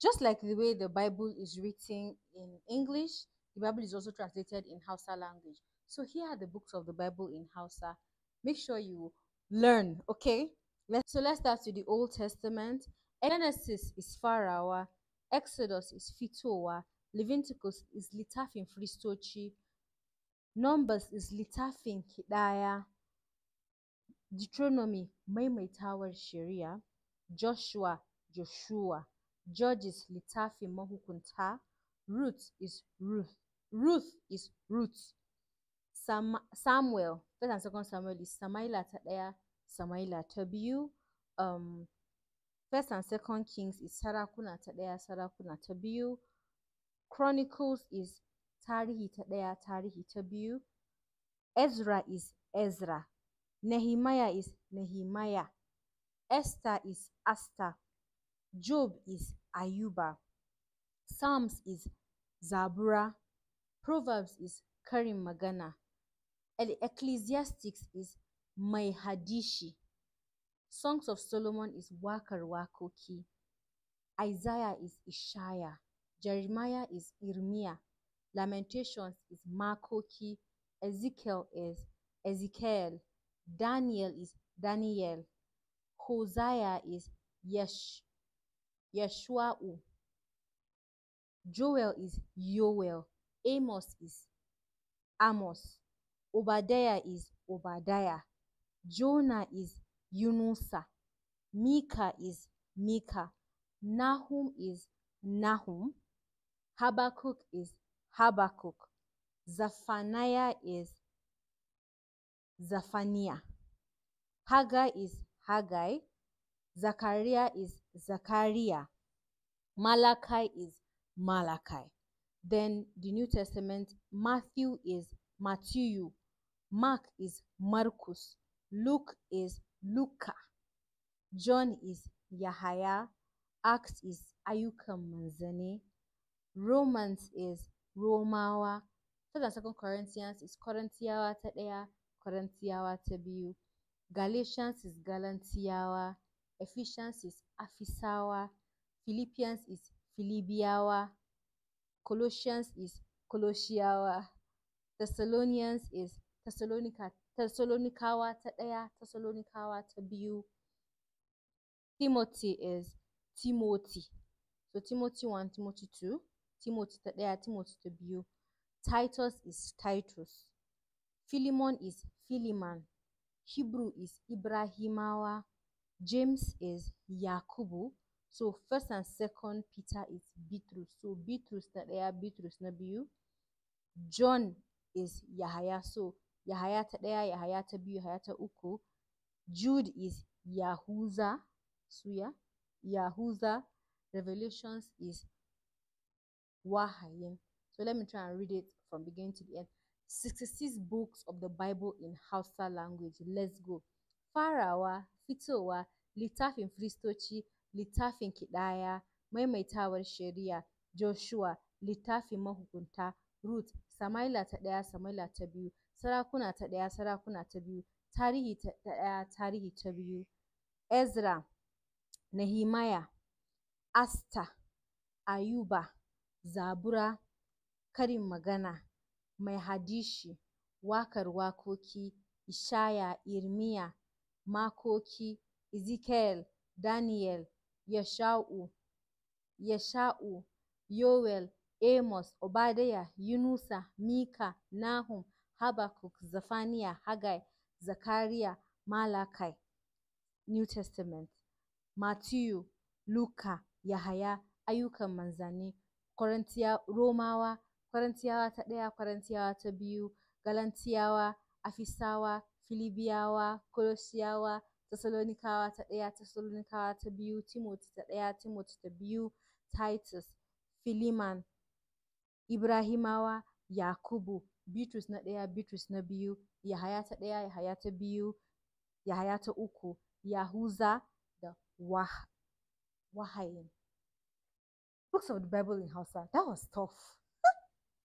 Just like the way the Bible is written in English, the Bible is also translated in Hausa language. So here are the books of the Bible in Hausa. Make sure you learn, okay? so let's start with the Old Testament. Genesis is Pharaoh, Exodus is Fitowa, Leviticus is Litafin Fristochi, Numbers is Litafin Kidaya, Deuteronomy Maimaitawar Sharia, Joshua Joshua, Georges Littafi mahukunta, Ruth is Ruth, Ruth is Ruth, Sam, Samuel, first and second Samuel is Samaila ta Samaila ta um, first and second Kings is Sarakuna ta Sarakuna ta Chronicles is Tarihi ta Tari Tarihi ta Ezra is Ezra, Nehemiah is Nehemiah, Esther is Asta. Job is Ayuba, Psalms is Zabura, Proverbs is Karim Magana, Ecclesiastics is Mahadishi, Songs of Solomon is Wakar Wakoki, Isaiah is Ishaya, Jeremiah is Irmia, Lamentations is Makoki, Ezekiel is Ezekiel, Daniel is Daniel, Hosea is Yesh, Yeshua U. Joel is Yoel. Amos is Amos. Obadiah is Obadiah. Jonah is Yunusa. Micah is Micah. Nahum is Nahum. Habakkuk is Habakkuk. Zephaniah is Zephaniah. Haggai is Haggai. Zachariah is Zachariah. Malachi is Malachi. Then the New Testament, Matthew is Matthew. Mark is Marcus. Luke is Luca. John is Yahya. Acts is Ayuka Manzani. Romans is Romawa. Third and Second Corinthians is Corinthiawa ta Corinthiawa Galatians is Galantiyawa. Ephesians is Ephesawa, Philippians is Philibiawa, Colossians is Colossiawa, Thessalonians is Thessalonica, Thessalonicawa ta ɗaya, Thessalonicawa ta biyu, Timothy is Timothy. So Timothy 1, Timothy 2, Timothy ta Timothy ta Titus is Titus. Philemon is Philemon. Hebrew is Ibrahimawa. James is Yakubu, so first and second Peter is Bitrus, so Bitrus na ɗaya Bitrus nabiu. John is Yahaya, so Yahaya ta Yahaya ta biyu, Yahaya uku. Jude is Yahuza, suya, Yahuza. Revelations is Wahayim. So let me try and read it from beginning to the end. 66 books of the Bible in Hausa language. Let's go. Farawa, Fitowa, Littafin Firistoci, Littafin kiɗaya Maimaitawar Shari'a, Joshua, Littafin Mahukunta, ruth Sama'ila ta ɗaya Sama'ila ta biyu, Sarakuna ta ɗaya Sarakuna ta biyu, Tarihi ta ɗaya Tarihi ta biyu, Ezra, Nehemiah, Asta, Ayuba, Zabura, Karin Magana, Mai Hadishi, Waƙar Wakoki, Ishaya, Irmiya. Makoki, Ezekiel, daniel Yasha'u, Yasha'u, Yowel, Amos, obadiah Yunusa, Mika, Nahum, Habakkuk, zafania Haggai, Zakariya, Malakai, (New Testament), matthew Luka, Yahaya (Ayyukan manzani. Korintiya Romawa, Korintiyawa ta ɗaya, Korintiyawa ta biyu, galantiyawa Afisawa Filibiyawa, Kolosiyawa, tasalonikawa ta ɗaya, tasalonikawa ta biyu, Timoti ta ɗaya, Timoti ta biyu, Titus, Filiman, Ibrahimawa, Yakubu, Bitrus na ɗaya, Bitrus na biyu, Yahaya ta ɗaya, Yahaya ta biyu, Yahaya ta uku, Yahuza da Wahayin. Books of the Bible in Hausa. That was tough.